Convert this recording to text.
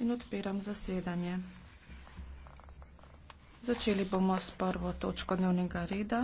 in odpiram zasedanje. Začeli bomo s prvo točko dnevnega reda.